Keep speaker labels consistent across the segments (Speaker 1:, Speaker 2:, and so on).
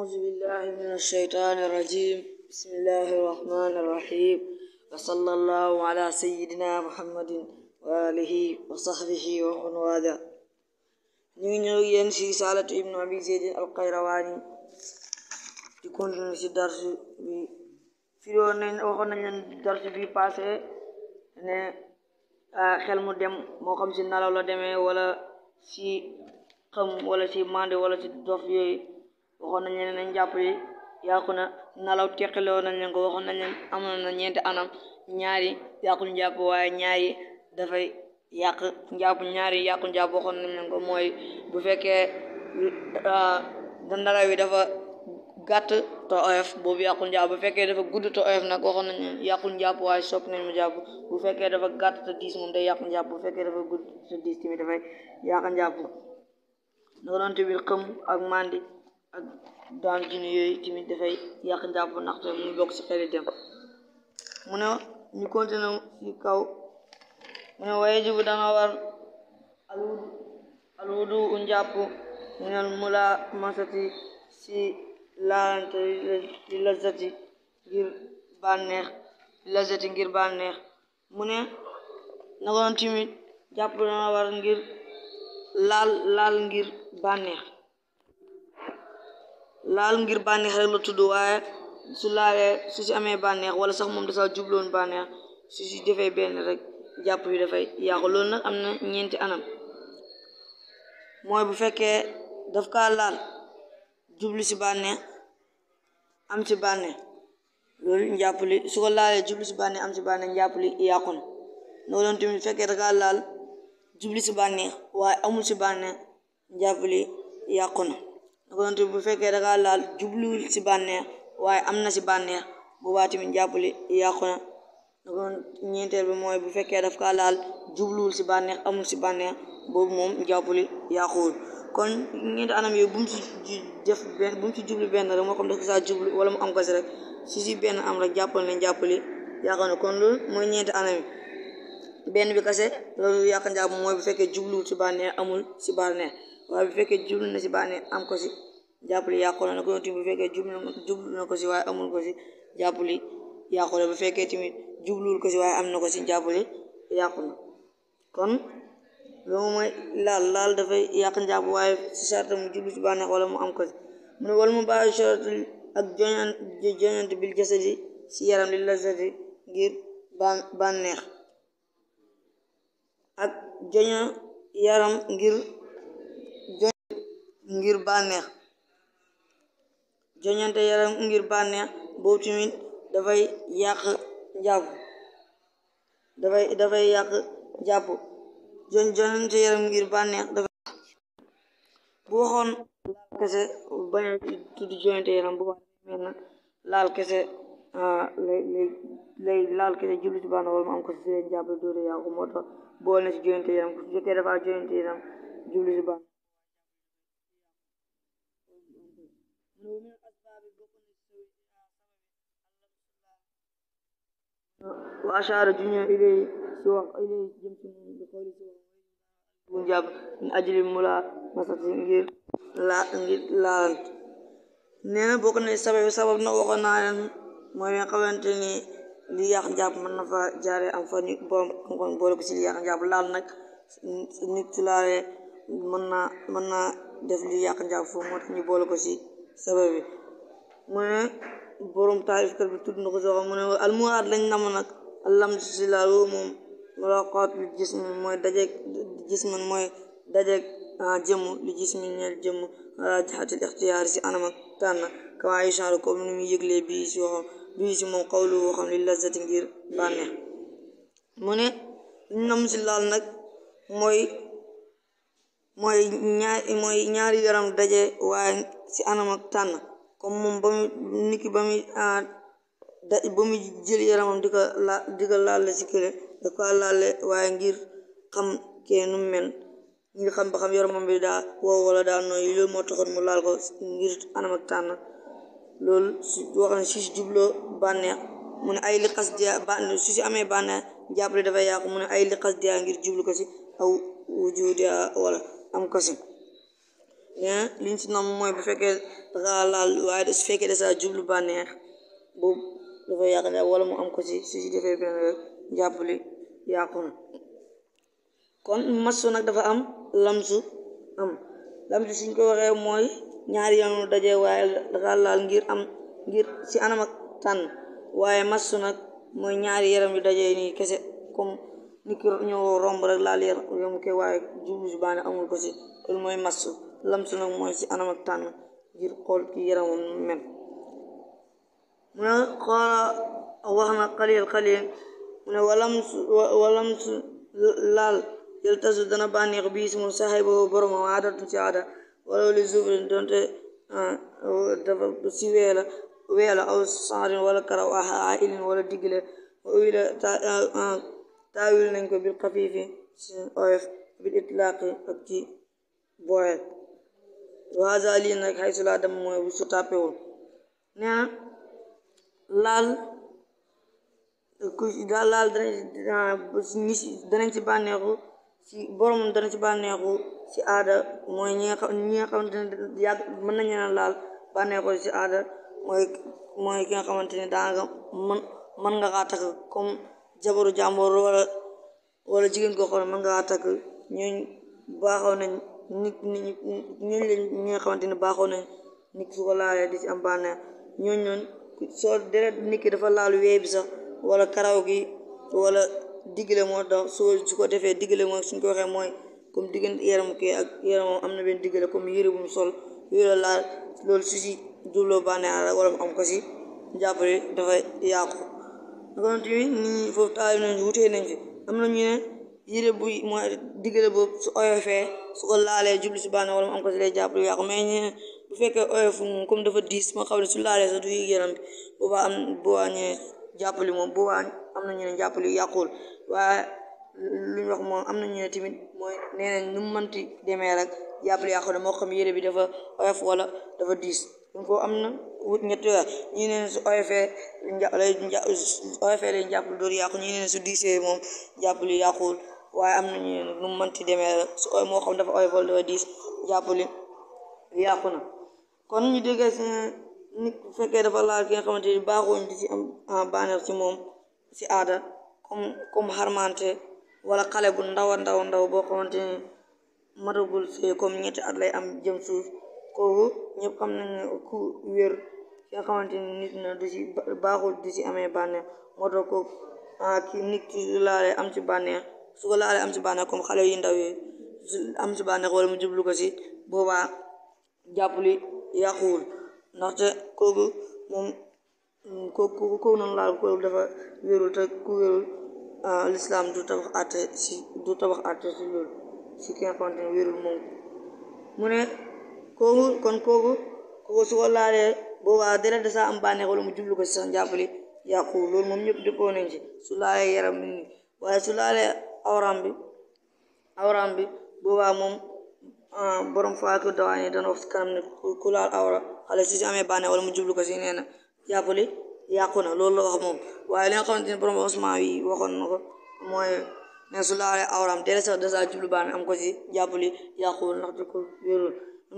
Speaker 1: أعوذ بالله من الشيطان الرجيم بسم الله الرحمن الرحيم وصلى الله على سيدنا محمد وآله وصحبه ومن والاه ñu ngi ñëw yéen si Saalatu ibnu Abi Zayd al-Qayrawaani di continuer si darsu bi firoon nañ waxoon nañ leen darsu bi passé ne xel mu dem moo xam si nalaw la demee wala si xam wala si mande wala si dof yooyu waxoon nañ leen ne njàpp yi yàqu na nalaw teqiloo nañ leen ko waxoon nañ leen amoon na ñeenti anam ñaari yàqu njàpp waaye ñaari dafay yàq ñaari yàqu njàpp waxoon mooy bu fekkee euh, nalaw yi dafa gàtt te oyof boobu yàqul njàpp bu fekkee dafa gudd te oyof nag nañ yàqul njàpp waaye sopp nañ mu jàpp bu fekkee dafa gàtt te diis moom day yàqu njàpp bu fekkee dafa gudd te diis tamit dafay yàq njàpp ndox ak mandi ak daan jinne yooyu tamit dafay yàq njàpp ndaxte mu bokk ci xeli dem mu ne ñu continue ci kaw mu ne waye jibu danga war alwudu alwudu u njàpp mu ne mula masati si laalante li lazati ngir bànneex lazati ngir bànneex mu ne nagoon timit jàpp dana war ngir laal laal ngir bànneex laal ngir bànneex rek la tudd waaye su laalee su si amee bànneex wala sax moom dasaa jubloon bànneex su si defee benn rek jàpp yu dafay yàqu loolu nag am ñeenti anam mooy bu fekkee daf kaa laal jublu si bànneex am ci loolu njàpp li su ko laalee jublu si bànneex am ci bànneex njàpp li yàqu noonu loolu tamit bu fekkee da laal jublu si bànneex waaye amul si bànneex njàpp li yàqu na naka noonu bu fekkee dangaa laal jubluwul si bànneex waaye am na si bànneex boobaa tamit jàppale yàqu na naka ñeenteel bi mooy bu fekkee daf kaa laal jubluwul si bànneex amul si bànneex boobu moom jàppale yàquwul kon ñeenti anam yooyu bu mu si benn jublu benn rek moo xam daf saa jublu wala mu am ko si rek si si benn am rek jàppal ne jàppale yàqu na kon loolu mooy ñeenti anam yi benn bi kase loolu yàq njàpp mooy bu fekkee jubluwul si bànneex amul si bànneex waaye bu fekkee jublu na si bànneex am ko si jàppali yàqu na ko tamit bu fekkee ko si waaye amul ko si jàppali yàqu na bu fekkee tamit jubluwul ko si waaye am na ko si jàppali yàqu na kon loolu mooy laal laal dafay yàq njàpp waaye si sarta mu jublu si bànneex wala mu am ko si mu ne wala mu bàyyi sharatu ak joñant joñant bil jasadi si yaram li lazati ngir bànneex ak joña yaram ngir joñ ngir bànneex joñante yaram ngir bànneex boobu tamit dafay yàq jàpp dafay dafay yàq jàpp joñ joñante yaram ngir bànneex dafay bu waxoon laal kese tudd joñante yaram bu baax mel na laal kese ah, lay lay laal kese jublu ci bànneex wala am ko si leen jàppale dóore yàqu moo bool na ci joyante yaram su fekkee dafa joyante yaram ashaara juñu ilay si wax ilay jëm si moom bu njàpp min mula masati ngir laalant nee na bokk na sabab sabab na waxoon mooy xamante ni li yàq njàpp mën na fa jaare am fa nit borom xam-xam boole ko si li yàq njàpp laal nag nit su laalee mën naa mën naa def li yàq njàpp foofu moo tax ñu boole ko si sabab bi mu ne borom taarifkat bi tudd na ko soo xam mu ne almuwaat lañ nam nag allam si laalu moom lu li jismi mooy dajeeg jisman mooy dajeeg ah, jëmm li jismi ñeel jëmm ala jaxatil ixtiyaar si anam ak tànn kawaay genre comme ni mu yëglee bii si waxam bii si moom xawlu woo xam li lazati ngir bànneex mu ne nam si laal nag mooy mooy ñaari yaram daje waaye si anam tànn comme moom ba mu niki ba mu ah, jël yaramam di ko si kële da ko waaye ngir xam kee mel ngir xam ba xam yaramam bi daa wow wala daa nooy loolu moo taxoon mu laal ko ngir anam ak tànn loolu su wax ne si mu ne ay li xas si amee bànneex jàppale dafay yàqu mu ne ay li xas diya jublu ko si aw wala am ko si liñ si nam bu fekkee dafa laal waaye jublu bànneex boobu dafay wala mu am ko si su si kon masu nag dafa am. lamsu am lamsu suñ ko waxee mooy ñaari yoonu daje waaye dafa laal ngir am ngir si anam tànn waaye massu nag mooy ñaari yaram yu daje nii kese comme ni ko ñëw romb rek laal yaram ke waaye jublu baane amul ko si loolu mooy massu lamsu nag mooy si anam tànn ngir xool ki yaramam mel mu ne xoola wax na xalil xalil mu ne walamsu walamsu laal yaltasu dana bànneex bii si moom saaxibahu borom waa aadatu ci aada wala li zufrin si weela aw saarin wala karaw ah ailin wala digle wila taawil nañ ko bil xafiifi si oyof bil itlaaqi ak ci booyet waasa lii nag xay laa dem mooy su tàppewul nee laal ku laal danañ ci bànneexu ci borom dana ci bànneexu si aada mooy ñi nga xamante ne yàgg mën nañu leen laal bànneexu ci aada mooy mooy ki nga xamante ne daanga mën mën nga kaa takk comme jabaru jàmbur wala wala jigéen koo xam ne mën nga takk ñooñ baaxoo nañ nit ñi ñooñ nga xamante ne baaxoo nañ nit su ko laalee di ci am bànneex ñooñ soo deret nit dafa laal wee bi sax wala karaw gi wala digle moo tax soo su ko defee digle mooy suñ ko waxee mooy comme diggante yaram kii ak yaramam am na benn digle comme yére bu mu sol yére laal si si dulloo bànneex la ko si jàppale dafay yàqu akonant mi nii foofu am na ñu bu mooy digle boobu su oyofee su ko si bànneex wala mu am ko si lay jàppale yàqu comme dafa diis ma xam ne su laalee sax du yëg yaram bi boobaa am boobaa ñu ne jàppale moom boobaa am na ñu ne jàppale yàquwul waaye lu ñu wax moom am nañu ne tamit mooy nee nañ nu mu mënti demee rek jàpp yàqu na moo xam yére bi dafa oyof wala dafa diis ñu ko am na wut ñetti weer ñii neen su oyofee lay oyofee lay jàpp lu dóor yàqu ñii neen su diisee moom jàpp li yàquwul waaye am nañu ne nu mu mënti demee rek su oy moo xam dafa oyof wala dafa diis jàpp li yàqu na kon ñu déggee si nit bu fekkee dafa laal ki nga xamante ni baaxuñ di si am ah, bànneex ci moom si aada comme comme xarmante wala xale bu ndaw a ndaw ndaw boo xamante ne matagul see comme ñetti at lay am jëm suuf kooku ñëpp xam nañ ne ku wér ki nga xamante ni nit na du baaxul du ci amee bànneex moo tax kooku ah, ki nit ki laalee am ci bànneex su ko am ci bànneex comme yu ndaw ci bànneex mu jublu ko ci boobaa jàpp li yàquwul ndaxte kooku moom kooku noonu laal kooku dafa wérul te ku wérul Euh, l'islam du tabax àtte si du tabax àtte si loolu si ki nga xamante moom mu ne kooku kon kooku kooku su ko laalee boobaa dara da am bànneex wala mu jublu ko si sax njàppale yàqu loolu moom ñëpp dëppoo su laalee yaram waaye su laalee awram bi awram bi boobaa moom ah, borom faako dawaane dana wax si kanam ne ku laal awra xale su si amee bànneex wala mu jublu ko si nee na jàppale yàqu na loolu la wax moom waaye li nga xamante ne borom Usmaan yi waxoon na ko mooy ne su laalee awraam teel sax dasaa jublu baan am ko ci jàppali yàquwul ndax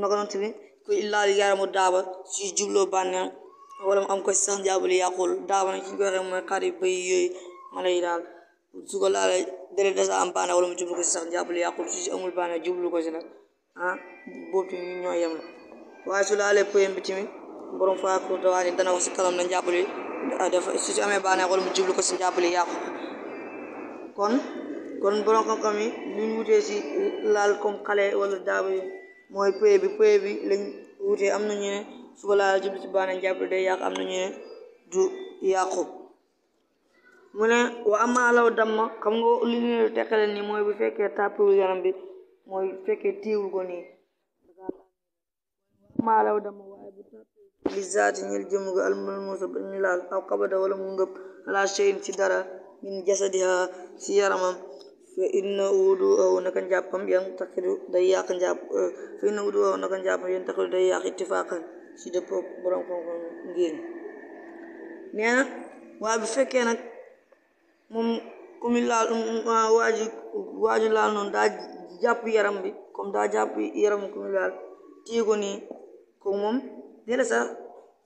Speaker 1: na ko noonu tamit ku illaali yaaramu daaba si jubloo bànneex wala mu am ko ci sax jàppali yàquwul daaba nag ci ko waxee mooy xari bëy yooyu mala yi daal su ko laalee deret dasaa am bànneex wala mu jublu ko ci sax jàppali yàquwul su ci amul bànneex jublu ko si nag ah boobu ñoo yem la waaye su laalee pëyam bi tamit borom Fayakour Dawane dana wax si kalam na njàpp li ah, dafa si amee bànneex wala mu jublu ko si njàpp yàqu kon kon borom xam-xam lu wutee si laal comme xale wala daaba yi mooy pëye bi pëye bi lañ wutee am na ñu ne suba laal jublu si bànneex njàpp li day yàqu am na ñu ne du yàqu mu ne wa amaa law damma xam nga li ñu teqale nii mooy bu fekkee tàppiwul yaram bi mooy bu fekkee tiiwul ko nii li zaati ñel jëmm ga almunal muusa ba ñu laal aw qabada wala mu ngëb ala cheyin ci dara min jasadiha ci yaramam fa inna wuduahu naka njàppam yan taxidu day yàq njàpp fa inna wuduahu naka njàppam day yàq ittifaqan ci dëppoo borom xam-xam ngir nee na bu fekkee nag moom ku mi laal waaju waaju laal noonu daa jàpp yaram bi comme daa jàpp yaram ku laal téye nii ko moom nee na sax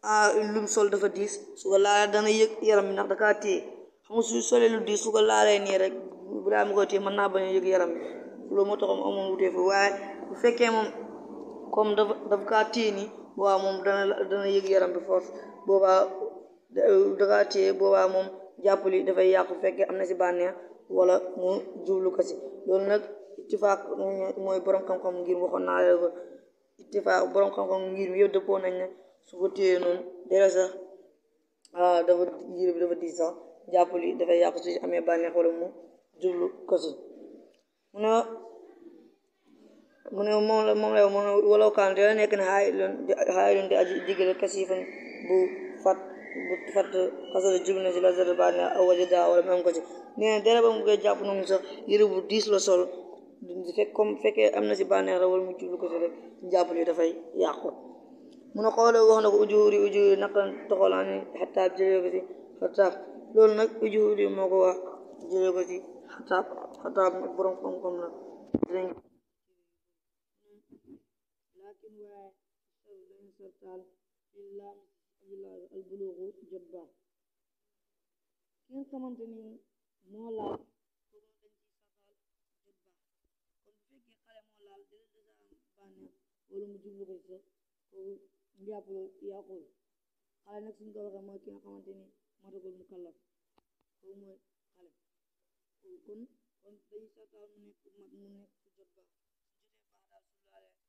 Speaker 1: ah, lum sol dafa diis su ko laalee dana yëg yaram bi ndax dakaa téye xam su solee lu diis su ko laalee nii rek bu daa mu koy yëg yaram bi loolu moo bu fekkee moom comme dafa dafa kaa téye nii moom dana dana yëg yaram bi force boobaa dakaa téye boobaa moom jàppali dafay yàqu fekkee am na si bànneex wala mu jublu ko si loolu nag ittifaaq mooy borom xam-xam ngir waxoon naa leen ko ittifaq borom xam-xam ngir bi yëpp dëppoo nañ ne su ko téyee noonu dara sax ah, dafa ngir bi dafa diis sax jàpp dafay yàqu su amee bànneex wala moom la moom la mu ne walaw nekk na xaay loon di aji digale kasifan bu fat bu fat xasada jublu na si la zada bànneex aw waja daa wala mu ko si nee na ba mu koy jàpp noonu sax yëre bu diis la sol du fekk comme fekkee am na si bànneex la wala mu jublu ko si rek njàppali dafay yàqu mu ne wax na ko ujuuri ujuuri naqan toxolaan ni xataab si xataab loolu nag ujuuri moo ko wax jëlee ko si xataab xataab nag borom xam-xam la ki nga xamante ni moo laaj wala mu jublu ko ci sax kooku njàpp la yàqul xale nag suñ ko waxee mooy ki nga xamante ni matagul mu kallaf kooku mooy xale kon kon dañu sàkkaar mu nekk mag mu nekk jot baax su jotee baax daal su laalee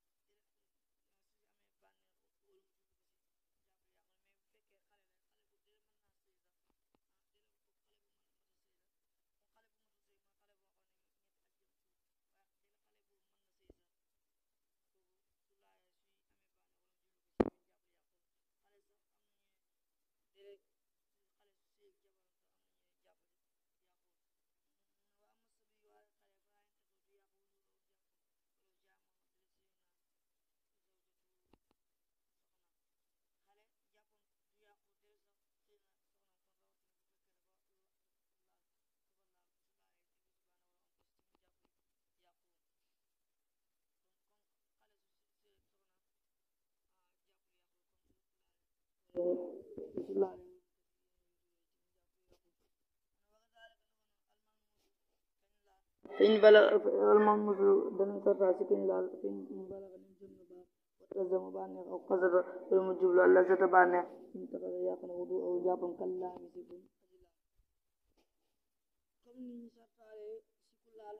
Speaker 1: fa in balaga si ku laal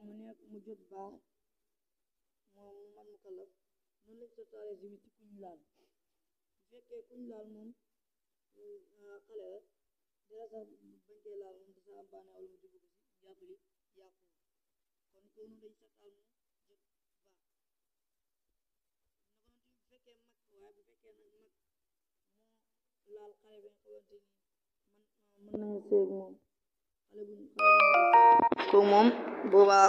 Speaker 1: mu nekk mu jot baax moom man kalaf noonu lañ sartaale si kuñ laal bu fekkee kuñ laal moom ah, xale la dara sax bañ koy laal moom dasa am bànneex wala mu dugg kon kooku noonu dañ sakkaal mu jëkk baax na ko bu fekkee mag waaye bu fekkee nag mag moo laal xale bi nga xamante ni mën ah, mën nañu seeg moom xale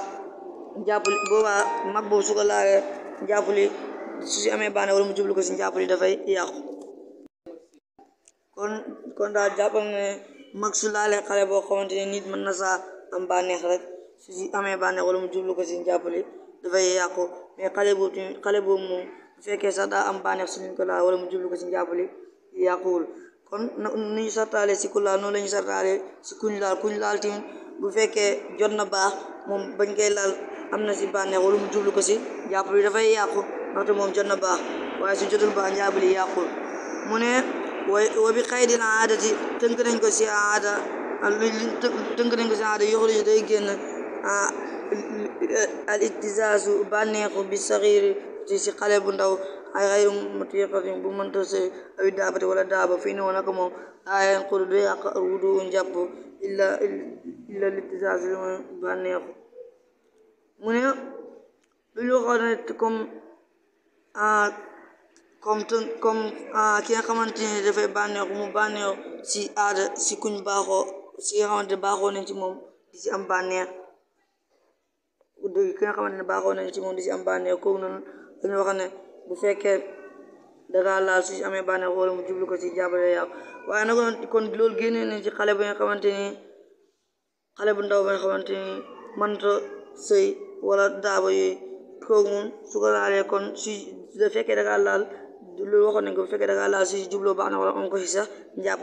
Speaker 1: bu kooku mag boobu su ko laalee su si amee bànneex wala mu jublu ko si njàpp li dafay yàqu kon kon daal jàppal ne mag su laalee xale boo xamante ne nit mën na saa am bànneex rek su si amee bànneex wala mu jublu ko si njàpp li dafay yàqu mais xale boobu moom bu sax daa am bànneex su ñu ko laal wala mu jublu ko si njàpp li yàquwul kon nu ñu sartaale si ku laal noonu la ñu sartaale si kuñ laal kuñ laal tamit bu fekkee jot na baax moom bañ koy laal am na si bànneex wala mu jublu ko si njàpp li dafay yàqu ndaxte moom jot na baax waaye su jotul baax njaabili yàqul mu ne wa bi xaydin aadati tënk nañ ko si aada tënk nañ ko day génn al ittisaasu bànneexu bi saxiiri si xale bu ndaw ay xayru mutiqatin bu mënta sëy awi daabati wala daaba fii ni woon ak moom aayen xur du yàq wudu njàpp illa illa littisaas li mooy bànneexu mu ne lu ñu xool ne comme comme comme ki nga xamante ni dafay bànneexu mu bànneex si aada si kuñ baaxoo si nga xamante ne baaxoo nañ ci moom di si am bànneex dëgg ki nga xamante ne baaxoo nañ ci moom di si am bànneex kooku noonu wax bu fekkee daga laal su si amee bànneex wala mu jublu ko si jàppale yàlla waaye nag kon loolu génnee nañ ci xale bi nga xamante ni xale bu ndaw ba nga xamante ni mënta sëy wala daaba yooyu kaw moom su ko laalee kon si da fekkee dangaa laal lu waxoon nañ bu fekkee dangaa laal si jubloo baax na wala on ko si mu da yàq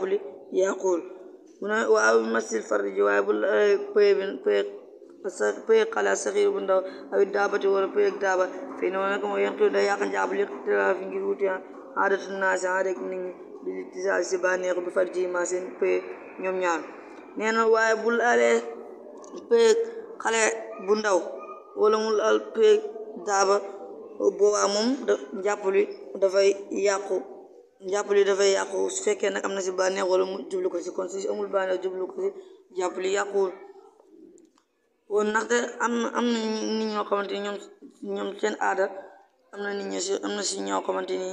Speaker 1: njàpp li tela fi ngir wuti ah aadatu naa si aada nit ñi bi tisaal si na waaye bu laalee pëye xale bu ndaw laal pëye taaba boobaa moom njàpp li dafay yàqu njàpp li dafay yàqu su fekkee nag am na si bànneex wala mu jublu si kon si amul bànneex jublu ko si njàpp li yàquwul woon ndaxte am na nit xamante ñoom seen aada am na nit ñi si am na si ñoo xamante ni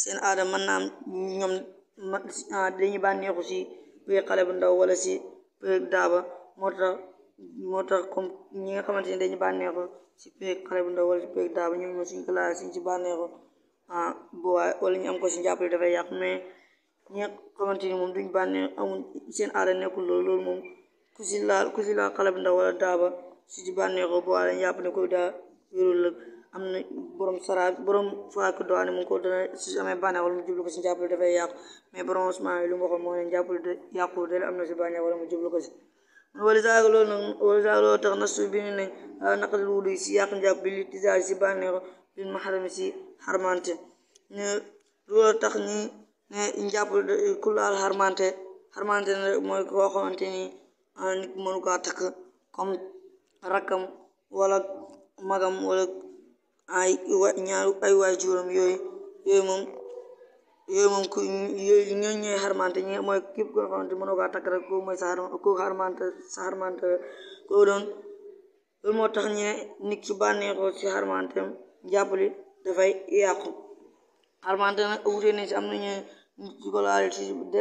Speaker 1: seen aada mën naa am ñoom ah, dañuy bànneexu si bu xale bu ndaw wala si daaba moo tax moo tax comme ñi nga xamante ni dañu bànneexu si peeg xale bu ndaw wala si peeg daa ba ñoom ah, ñu am ko si jàppale dafay yàq mais ñi moom duñ bànneex amul seen aada nekkul loolu loolu moom ku si laal si laal xale bu ndaw ko daa wérul na borom sara borom faak doane mu ngi ko dana su ko si jàppale dafay yàqu mais borom Ousmane lu mu waxoon moo ne jàppale yàqu dala am na si bànneex wala mu jublu ko si walisaaka loolu nag walisaaka loolu tax nas bi bind nañ naqadal wudu si yàq njàpp bi li tisaar si bànneexo bil maxarami si xarmante ne loolu tax ñi ne njàpp ku laal xarmante xarmante ne mooy koo xamante ni nit mënu kaa takk comme rakkam wala magam wala ay ay waajuram yooyu yooyu moom yooyu moom ku yooyu ñooñu ñooy xarmante ñi mooy képp koo xamante mënoo kaa takk rek kooku mooy sa ko xarmante sa xarmante doon loolu moo tax ñu ñe nit su bànneexoo si xarmantem jàppali dafay yàqu xarmante nag wute si am nañu nit su ko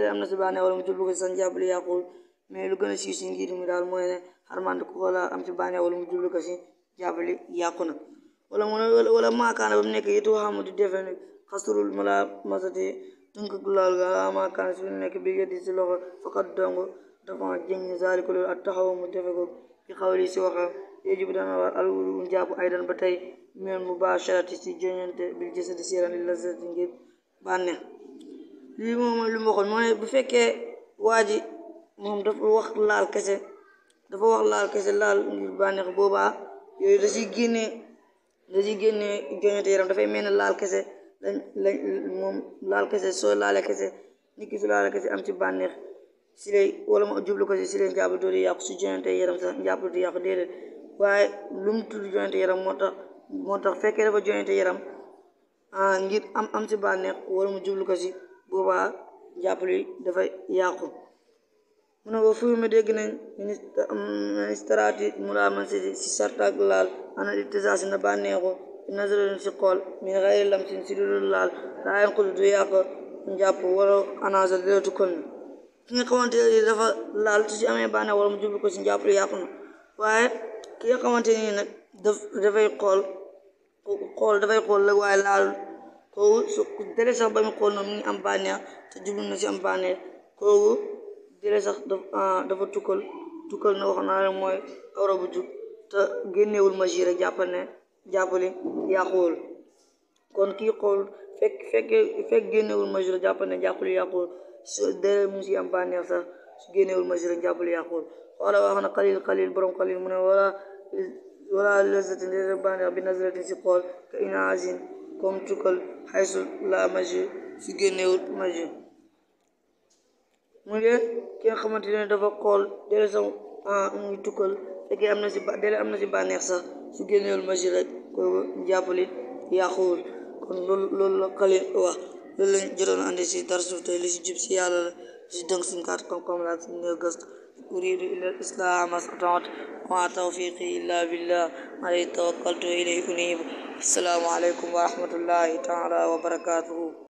Speaker 1: am na si bànneex wala mu jublu ko si san jàppali mais lu gën a siiw si ngir mi daal mooy ne ko laal am si bànneex wala mu jublu ko si jàppali yàqu na wala mu wala ba mu nekk yëtu xamu di defe xasrul mala masati tënk laal ga ama kan si nekk bi yëddi si loxo faqat dong dafa jëng zaalika loolu ak taxaw mu defe ko bi xawli si waxa yejub dana war alwudu njàpp ba tey min mubasharati baax joñante bil jasadi si yaram li lazati ngir bànneex lii moom lu mu bu fekkee waa ji moom dafa wax dafa wax laal kese laal ngir bànneex boobaa yooyu da si génnee da si génnee joñante yaram dafay mel laal kese moom laal kese soo laale kese nit ki su laale kese am ci bànneex si lay wala ma jublu ko si si lay njàpp doodu yàqu si jonante yaram sax njàpp di yàqu déedéet waaye lu mu tudd jonante yaram moo tax moo tax fekkee dafa jonante yaram ah, ngir am am ci bànneex wala mu jublu ko si boobaa njàpp li dafa yàqu mu ne wa fuyu mi dégg nañ mu mulaman si si sartak laal ana ittisaasi na bànneexu nazarin si xool min xayri lamsin si lu dul laal laa yanqudu du yàq njàpp wala anasa deretu kon ki nga ni dafa laal su si amee mu jublu ko si njàpp lu waaye ki nga xamante ni nag daf dafay xool xool dafay la waaye laal sax ba mu xool noonu mu ngi am si am bànneex kooku dere ah, dafa tukkal tukkal na bu jub te génneewul ma jire jàppal ne jàppale yàquwul kon kii xool fekk fekk fekk génnewul majeur jàppal ne jàppale yàquwul su dee mu si am bànneex sax su génnewul majeur jàppale yàquwul wala wax na xalil xalil borom xalil mu ne wala wala lazatin dee bànneex bi nazaratin si xool ka inaasin comme tukkal xaysu la majeur su génnewul majeur mu ne ki nga dafa xool dee sa ah, muy tukkal fekkee am na si dele am na si bànneex sax su génneewul masjid rek kooku jàppali yàquwul kon loolu loolu la xalil wax loolu lañ jotoon andi si dara suuf tey li si jub si yàlla la si dënk suñ kaat koom-koom la ak suñ néew gëstu uridu illa al islaam mastata'tu wa ma tawfiqi illa billah alayhi tawakkaltu wa ilayhi unib assalaamu aleykum wa rahmatullahi taala wa barakatuhu